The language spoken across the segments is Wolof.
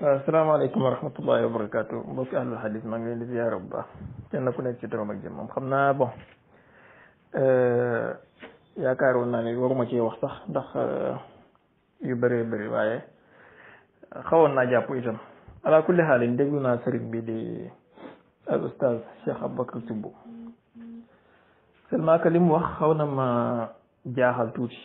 waaw salaamaaleykum wa rahmatullahi wa barakatu mbokki ahlul xadis maa ngi leen di ziyaara bu baax kenn ku nekk ci turam ak jëmmam xam naa bon euh, yaakaaroon naa ne waruma cee wax sax ndax euh, yu bëree bëri waaye xawoon naa jàpp itam ala kulli xaalin déglu naa sëriñ bi di al oustaz Cheikh Aboubacar Thioub seulement que li mu wax xaw na ma jaaxal tuuti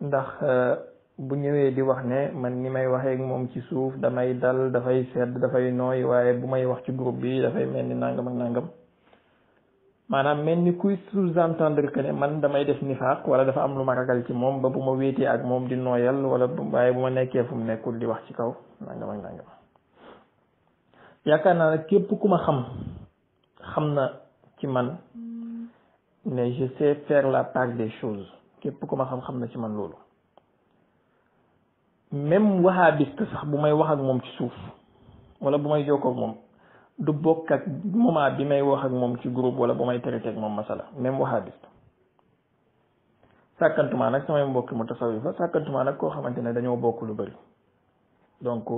ndax euh, bu ñëwee di wax ne man ni may waxee ak moom ci suuf damay dal dafay sedd dafay nooy waaye bu may wax ci groupe bi dafay mel ni nangam ak nangam maanaam mel ni kuy sous-entendre que ne man damay def nifaaq wala dafa am lu ma ragal ci moom ba bu ma wéetee ak moom di nooyal wala waaye bu ma nekkee fu mu nekkul di wax ci kaw nangam ak nangam yaakaar naa ne képp ku ma xam xam na ci man mais je sais la part des choses képp ku ma xam xam na ci man loolu. même wahabiste sax bu may wax ak moom ci suuf wala bu may jokkoo ak moom du bokk ak moment bi may wax ak moom ci groupe wala bu may traité ak moom masala même wahabiste sàkkantumaa nag samay mbokk mu tasawifa sàkkantumaa nag koo xamante ne dañoo bokk lu bëri donc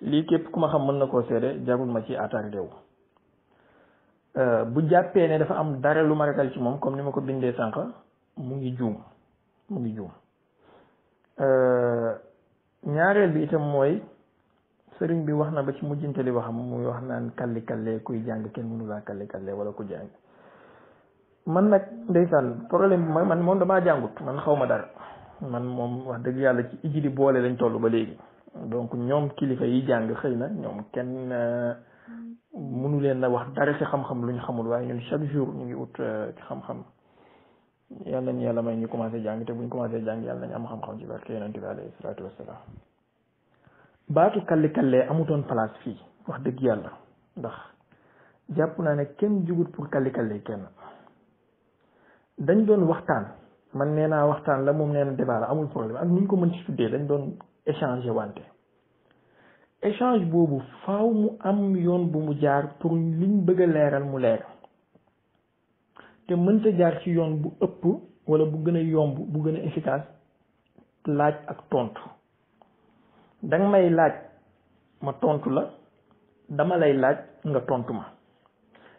lii képp ku ma xam mën na koo seede jarul ma ci attardé wu euh, bu jàppee ne dafa am dara lu ma ragal ci moom comme ni ma ko bindee sànq mu ngi juum mu ngi juum euh, ñaareel bi itam mooy sëriñ bi wax na ba ci mujjantali waxam muy wax naan kalli kalle kuy jàng kenn mënu laa kalli kalle wala ku jàng man nag ndeysaan problème bi mooy man moom damaa jàngut man xaw ma dara man moom wax dëgg yàlla ci ijili boole lañ toll ba léegi donc ñoom kilifa yi jàng xëy na ñoom kenn hmm. mënu leen na wax dara ci xam-xam lu ñu xamul waaye ñun chaque jour ñu ngi ut euh, ci xam-xam yàlla nañu yàlla may ñu commencé jàng te buñ commencé jàng yàlla nañu am xam-xam ci barke yonent bi alayhi salaatu wassalaam baatu kalli amutoon place fii wax dëgg yàlla ndax jàpp naa ne kenn jugut pour kalli kallee kenn dañ doon waxtaan man nee naa waxtaan la moom nee na amul problème ak nuñ ko mën ci tuddee dañ doon échanger wante échange boobu faw mu am yoon bu mu jaar pour liñ bëgg leeral mu leeral te mënta jaar ci yoon bu ëpp wala bu gën a yomb bu gën a efficace laaj ak tontu danga may laaj ma tontu la dama lay laaj nga tontu ma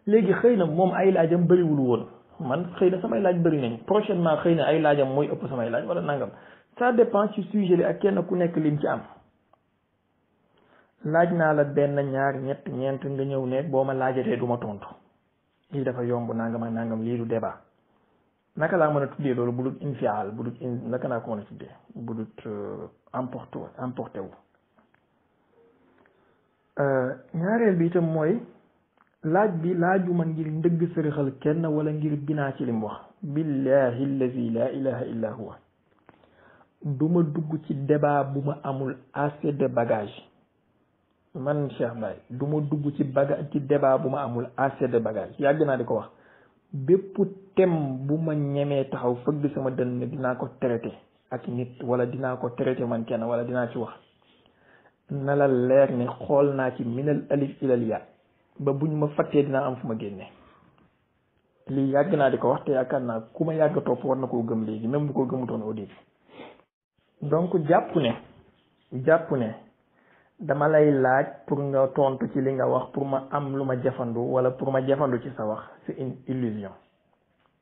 léegi xëy na moom ay laajam bariwul woon man xëy na samay laaj bëri nañ prochainement xëy na ay laajam mooy ëpp samay laaj wala nangam ça dépend ci sujet li ak kenn ku nekk lim ci am laaj naa la benn ñaar ñett ñeent nga ñëw nekk boo ma laajatee du ma tontu. lii dafa yomb nangam nàngam nangam lii du débat naka laa mën a tuddee loolu bu dut infial bu dut in naka laa ko mën a tuddee bu dut emporté euh, emporté wu euh, ñaareel bi itam mooy laaj bi laajuma ngir ndëgg sërëxal kenn wala ngir binaa ci lim wax billahi allazi la duma dugg ci débat bu ma amul assez de bagage man Cheikh Baye du ma dugg ci baga ci débat bu ma amul assez de yàgg naa di ko wax bépp thème bu ma ñemee taxaw fëgg sama dënn dinaa ko traité ak nit wala dinaa ko traité man kenn wala dinaa ci wax na la leer ne xool naa ci minal alif ilal ya ba buñ ma fàttee dinaa am fu ma génne lii yàgg naa di ko wax te yaakaar naa ku ma yàgg topp war na koo gëm léegi même bu ko gëmutoon au début donc jàpp ne jàpp ne dama lay laaj pour nga tontu ci li nga wax pour ma am lu ma jafandu wala pour ma jafandu ci sa wax c'est une illusion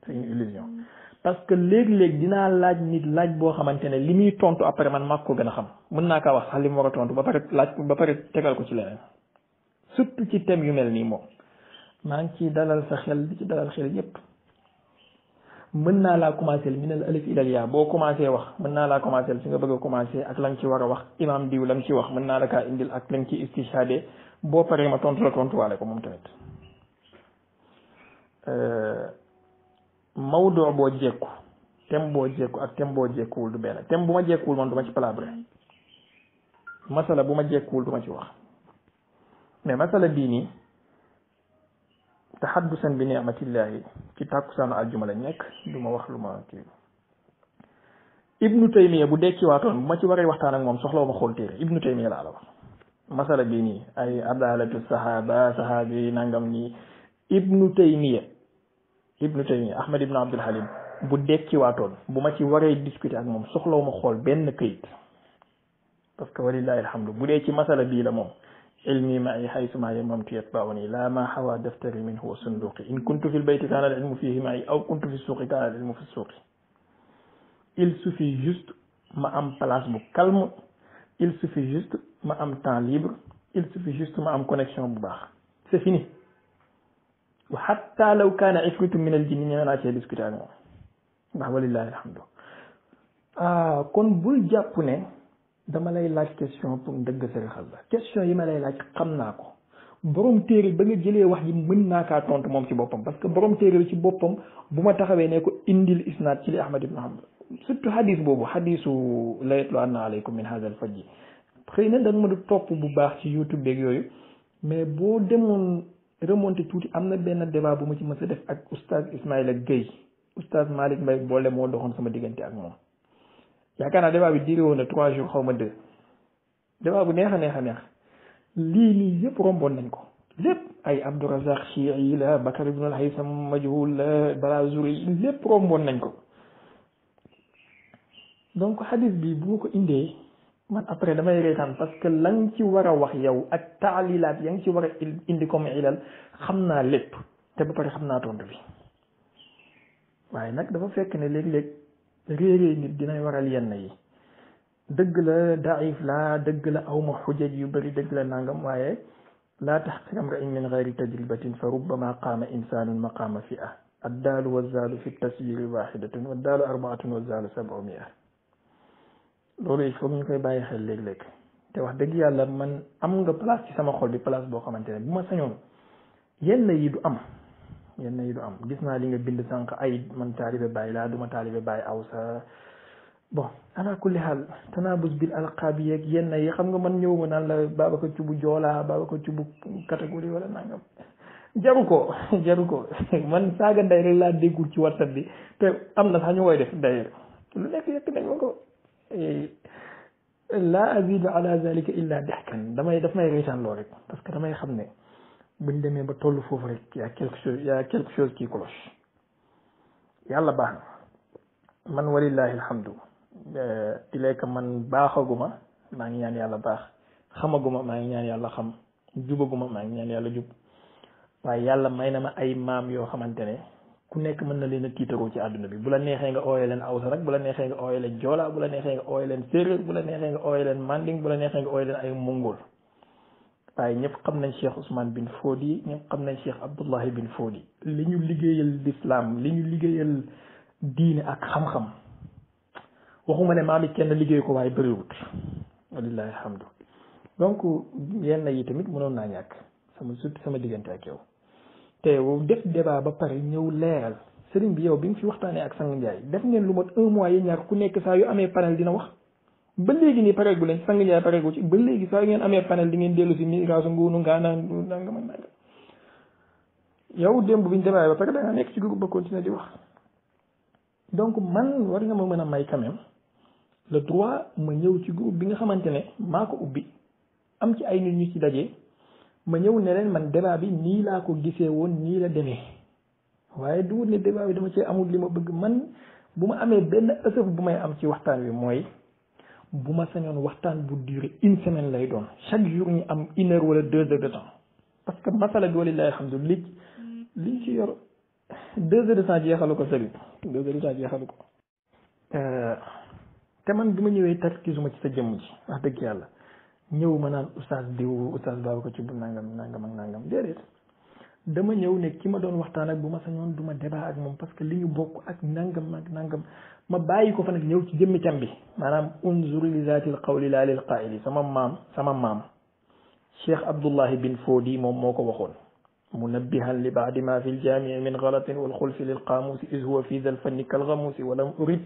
c'est une illusion mm. parce que léeg-léeg dinaa laaj nit laaj boo xamante ne li muy tontu après man maa ko gën a xam mën naa kaa wax sax li mu war a tontu ba pare laaj ba pare tegal ko ci leneen surtout ci thème yu mel nii moom maa ngi ciy dalal sa xel di ci dalal xel yépp mën naa laa commencé minal alif ilal yaa boo commencé wax mën naa laa commencé fi nga bëgg a commencé ak la nga ci war a wax imaam diw la ci wax mën naa la kaa indil ak la nga ci istishade boo paree ma tontu la tontuwaale ko moom tamit euh, mawduu boo jekku tem boo jekku ak tem boo jekkuwul du benn tem bu ma jekkuwul moom du ma ci palabre masala bu ma jekkuwul du ma ci wax mais masala bii nii taxaddusan bi nicmatillahi ci tàkkusaanu aljuma lañ nekk du ma wax lu ma kii ibnu taymiya bu dekkiwaatoon bu ma ci waree waxtaan ak moom soxlawu xool téere ibnu taymiya laa la bii nii ay adalatu sahaba sahabi nangam nii ibnu taymiya ibnu taymiya ahmad ibnu abdul halim bu dekkiwaatoon bu ma ci waree discuter ak moom soxlawu ma xool benn këyit parce que walillahi alhamdu bu dee ci masala bii la moom علمي معي حيثما يممت يتبعني لا ما حوى دفتري منه وصندوقي إن كنت في البيت كان العلم فيه معي أو كنت في السوق كان العلم في السوق il suffit juste ma am place bu calme il suffit juste ma am temps libre il suffit juste ma am connexion bu baax c'est fini wa hatta law kaana ifritu min al jinni ñëw naa cee discuter ak moom ndax walillahi alhamdu ah kon bul jàpp ne dama lay laaj question pour dëgg sërixal la question yi ma lay laaj xam naa ko borom téere ba nga jëlee wax ji mën naa kaa tontu moom ci boppam parce que borom téere bi ci boppam bu ma taxawee ne ko indil isnaad ci li Ahmad ibn Hanbal surtout hadis boobu hadisu layatlu anna aleykum min hadal faj yi xëy na danga ma du topp bu baax ci youtube beeg yooyu mais boo demoon remonté tuuti am na benn débat bu ma ci mës a def ak oustaz Ismaïla Guèye oustaz Malick Mbaye boole moo doxoon sama diggante ak moom yaakaar naa débat bi diire woon na trois jours xaw ma deux bu neex a neex a neex lii nii yëpp romboon nañ ko lépp ay Abdou Razak Chii la Bakar ibn al-Haytham Majhul la Barazuri lépp romboon nañ ko donc hadith bi bu ko indee man après damay reetaan parce que la ci war a wax yow ak taalilaat ya nga ci war a indi comme ilal xam naa lépp te ba pare xam naa tontu bi waaye nag dafa fekk ne léeg-léeg. réeréer nit dinay waral yenn yi dëgg la daif la dëgg la awma xujaj yu bari dëgg la nangam waaye laa taxqiram rain min gayri tajribatin fa rubbama qaama insanun maqaama fi a addaalu wazzaalu fi taswiri waxidatun waddaalu arbaatun wazzaalu sabu mia loolu il faut ñu koy bàyyi xel léeg-léeg te wax dëgg yàlla man am nga place ci sama xol bi place boo xamante ne bu ma sañoon yenn yi du am yenn yi du am gis naa li nga bind sànq ay man taalibe bàyyi laa duma taalibe bàyyi aw sa bon ala kulli xaal tanaabus bil alqaab yeeg yenn yi xam nga man ñëwuma naan la Babacar Thioub joolaa Babacar Thioub catégorie wala nangam jaru ko jaru ko man saaga nday rek laa déggul ci whatsapp bi te am na sax ñu koy def d'ailleurs lu nekk yekk nañ ma ko eh, laa azidu ala zalika damay daf may reetaan loo rek parce damay xam ne buñ demee ba tollu foofu rek yaa quelque chose yaa quelque chose qui cloche yàlla baax na man walillahi alhamdu di euh, lekk man baaxaguma maa ngi ñaan yàlla baax xamaguma maa ngi ñaan yàlla xam jubaguma maa ngi ñaan yàlla jub waaye yàlla may na ma ay maam yoo xamante ne ku nekk mën na leen a tiitaroo ci àdduna bi bu la neexee nga ooyee leen awsa rek bu la neexee nga ooyee leen joola bu la neexee nga ooyee leen séeréer bu la neexee nga ooyee leen manding bu la neexee nga ooyee leen ay mongol waaye ñëpp xam nañ Cheikh Ousmane bin Fodi ñëpp xam nañ Cheikh Abdullahi bin Fodi li ñu liggéeyal lislaam li ñu liggéeyal diine ak xam-xam waxuma ne maam it kenn liggéey ko waaye bëriwut walillahi alhamdu donc yenn yi tamit mënoon naa ñàkk sama surtout sama diggante ak yow te def débat ba pare ñëw leeral sëriñ bi yow bi nga fi waxtaanee ak sang Ndiaye def ngeen lu mot un mois yi ñaar ku nekk saa yu amee panel dina wax ba léegi nii pareegu leen sang njaay pareegu ci ba léegi saa ngeen amee panel di ngeen dellu si migration nguunu ngaa naan yow démb biñ démarré ba nekk ci groupe ba continuer di wax donc man war nga ma mën a may quand même le ñëw ci groupe bi nga xamante ne maa ko ubbi am ci ay nit ñu ci daje ma ñëw ne leen man débat bi nii laa ko gisee woon nii la demee waaye du ne débat bi dama cee amul li ma bëgg man bu ma amee benn ësëf bu may am ci waxtaan wi mooy bu ma sañoon waxtaan bu duré une semaine lay doon chaque jour ñu am une heure wala deux heures de temps parce que masala bi walilahi alhamdu li liñ ci yor deux heures de temps jeexalu ko sëriñ deux heures de temps jeexalu ko euh, te man bi ma ñëwee tarkisuma ci sa jëmm ji wax dëgg yàlla ñëw ma naan oustaz diw oustaz baabu ko ci bu nangam nangam ak nangam déedéet dama ñëw ne ki ma doon waxtaan ak bu ma sañoon du ma débat ak moom parce que li ñu bokk ak nangam ak nangam ma bàyyi ko fa nag ñëw ci jëmmi tam bi maanaam unzur li zaatil qawli laa lil qaa'ili sama maam sama maam cheikh abdullahi bin Fodi moom moo ko waxoon munabbihan li baadi ma fi ljaamii min galatin walxulfi lilqaamuusi is huwa fi dal fanni kalgamuusi walam urid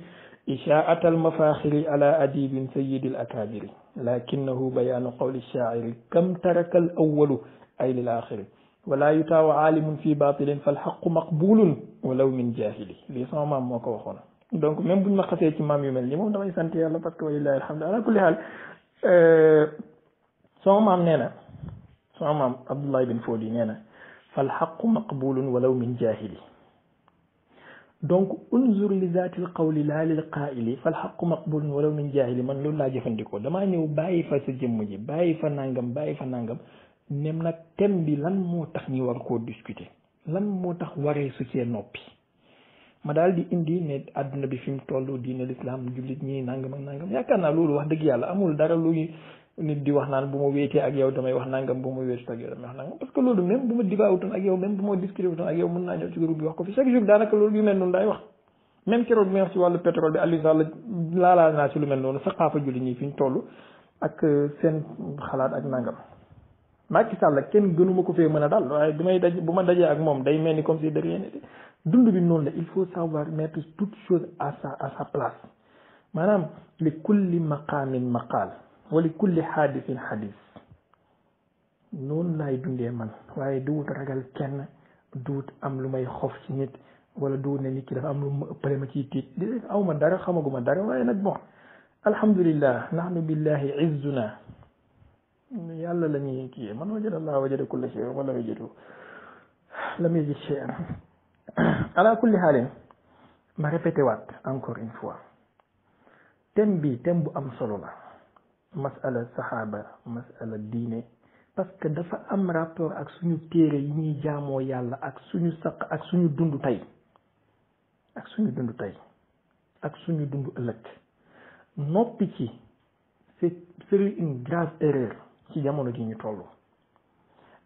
ishaa'ata almafaaxiri ala adibin sayidi alakaabiri lakinahu bayaanu qawli shaairi kam taraka al awalu ay lil axiri wala yutaawu aalimun fi baatilin falxaqu maqbulun walaw min jaahili lii sama maam moo ko waxoon donc même buñ ma xasee ci maam yu mel nii moom damay sant yàlla parce que walillahi alhamdu ala kulli xaal euh, sama maam nee na sama maam Abdoulaye bin Fodi nee na fal xaqu maqbulun walaw min jahili donc unzur li zaatil qawli laa lil qaa'ili fal xaqu maqbulun walaw min jahili man laa jëfandikoo damaa ñëw bàyyi fa sa jëmm ji bàyyi fa nangam bàyyi fa nangam nem nag thème bi lan moo tax ñu war koo discuter lan moo tax waree su cee noppi ma daal di indi ne àdduna bi fi mu toll diine lislaam jullit ñi nangam ak nangam yaakaar naa loolu wax dëgg yàlla amul dara lu nit di wax naan bu ma wéetee ak yow damay wax nangam bu ma wéetee ak yow damay wax nangam parce que loolu même bu ma dibaawutoon ak yow même bu ma discutéwutoon ak yow mën naa ñëw ci groupe bi wax ko fi chaque jour daanaka loolu yu mel noonu daay wax même keroog bi wax ci wàllu pétrole bi Aliou Sall laalaa naa ci lu mel noonu saxaafa jullit ñi ñu toll ak seen xalaat ak nangam maak Sall la kenn gënuma ko fee mën a dal waaye bi daj bu ma dajee ak moom day mel ni comme si de rien bi noonu la il faut savoir mettre toute chose à a à sa place maanaam li kulli maqaamin maqaal wa li kulli xaadisin xadis noonu laay dundee man waaye duwut ragal kenn duwut am lu may xof si nit wala duwut ne nit ki dafa am lu ma ëppale ma ciy tiit di awma dara xamaguma dara waaye nag bon alhamdulillah nahnu billahi izzuna yàlla la ñuy kii man wajada allah wajada kulla shay'an wala wajadu lam yajid shay'an ala kulli xaalin ma répété waat encore une fois thème bi thème bu am solo la masala saxaaba masala diine parce que dafa am rapport ak suñu téere yi ñuy jaamoo yàlla ak suñu saq ak suñu dundu tey ak suñu dund tey suñu dund ëllëg noppi ci c'est une grave erreur ci jamono ji ñu toll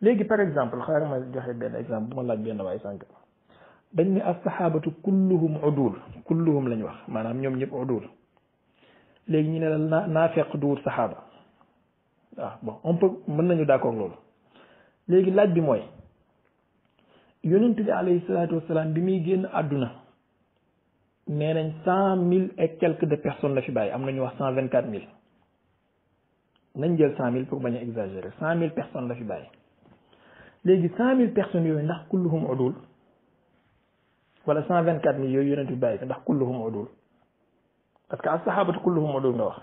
léegi par exemple xaaral ma joxe benn exemple bu ma laaj benn waay sànq dañ ne as-saxaabatu kulluhum udul kulluhum lañ wax maanaam ñoom ñëpp udul léegi ñu ne la naafeq duwul saxaaba waaw bon on peut mën nañu d'accord loolu léegi laaj bi mooy yonent bi alayhi salaatu wasalaam bi muy génn àdduna nee nañ cent mille et quelques de personnes la fi bàyyi am nañu wax cent vingt quatre mille nañ jël cent pour bañ a exagérer cent mille personnes la fi bàyyi léegi cent mille personnes yooyu ndax kulluhum udul wala cent vingt quatre mille yooyu yonent bi bàyyi ndax kulluhum udul parce que as saxaabatu kulluhum udul nga wax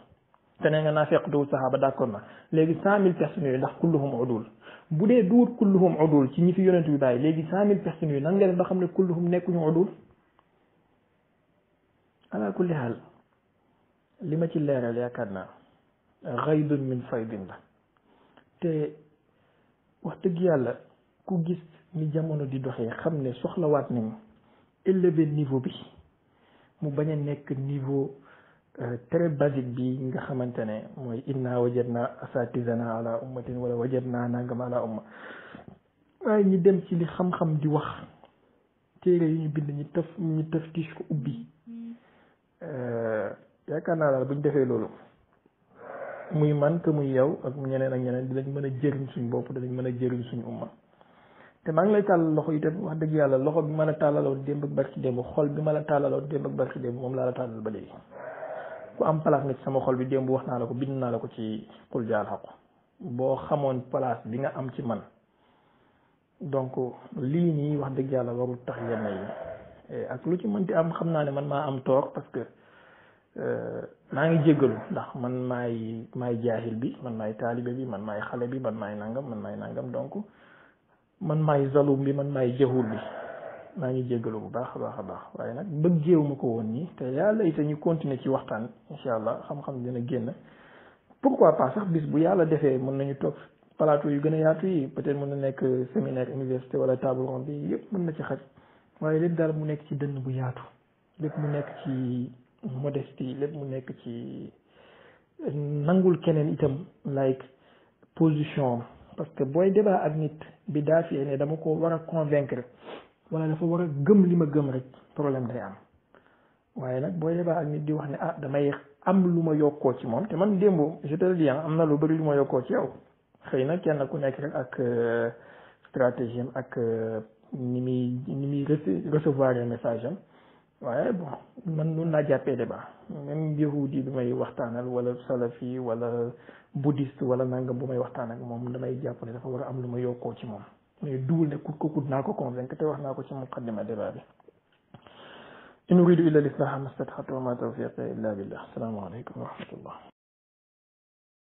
te nee nga naa fekk duwul saxaaba d'accord na léegi cent mille personnes yooyu ndax kulluhum udul bu dee duwut kulluhum udul ci ñi fi yonent bi bàyyi léegi cent mille personnes yooyu nan nga ba xam ne kulluhum nekkuñu udul ala kulli haal li ma ci leeral yaakaar naa xaydun min faydin la te wax dëgg yàlla ku gis ni jamono di doxee xam ne soxlawaat nañu élever niveau bi mu bañ a nekk niveau euh, très basique bi nga xamante ne mooy inna wajadna asatizana ala ummatin wala naa nangam ala umma waaye ñi dem ci li xam-xam di wax téere yu ñu bind ñu tëf ñu tëf tiis ko ubbi hmm. euh, yaakaar naa daal bu ñu defee loolu muy man que muy yow ak ñeneen ak ñeneen dinañ mën a jëriñ suñu bopp dinañ mën a jëriñ suñ umma te maa ngi lay tàllal loxo itam wax dëgg yàlla loxo bi ma la tàllaloon démb ak barki démb xol bi ma la tàllaloon démb ak barki démb moom laa la tàllal ba léegi ku am place nga ci sama xol bi démb wax naa la ko bind naa la ko ci xul jaal boo xamoon place bi nga am ci man donc lii nii wax dëgg yàlla warul tax yenn yi ak lu ci mënti am xam naa ne man maa am toog parce que Euh, maa ngi jéggalu ndax man maay maay jaahil bi man maay taalibe bi man maay xale bi man maay nangam man maay nangam donc man maay zalum bi man maay jahul bi maa ngi jéggalu bu baax a baax a baax waaye nag bëggeewu ma ko woon nii te yàlla it ñu continuer ci waxtaan incha allah xam-xam dina génn pourquoi pas sax bis bu yàlla defee mën nañu toog plateau yu gën a yaatu yi peut-être mën na nekk séminaire université wala table ronde yi yëpp mën na ci xaj waaye lépp daal mu nekk ci dënn bu yaatu modestie lépp mu nekk ci nangul keneen itam like position parce que booy débat ak nit bi daa ne dama ko war a convaincre wala dafa war a gëm li ma gëm rek problème day am waaye nag booy débat ak nit di wax ne ah damay am lu ma yokkoo ci moom te man démboo je te le ah, am na lu bëri lu ma yokkoo ci yow xëy nag kenn ku nekk rek ak euh, stratégie am ak euh, ni muy ni muy recevoir message am waaye bon man loolu laa jàppee de même yahudi yi bi may waxtaanal wala salafi wala bouddhiste wala nangam bu may waxtaan ak moom damay jàpp ne dafa war a am lu ma yokkoo ci moom mais duul ne kut ko kut naa ko convaincre te wax naa ko ci muqaddima débat bi in uridu illa l-islaha mastata'tu wa ma tawfiqi illa billah asalaamaaleykum wa rahmatullah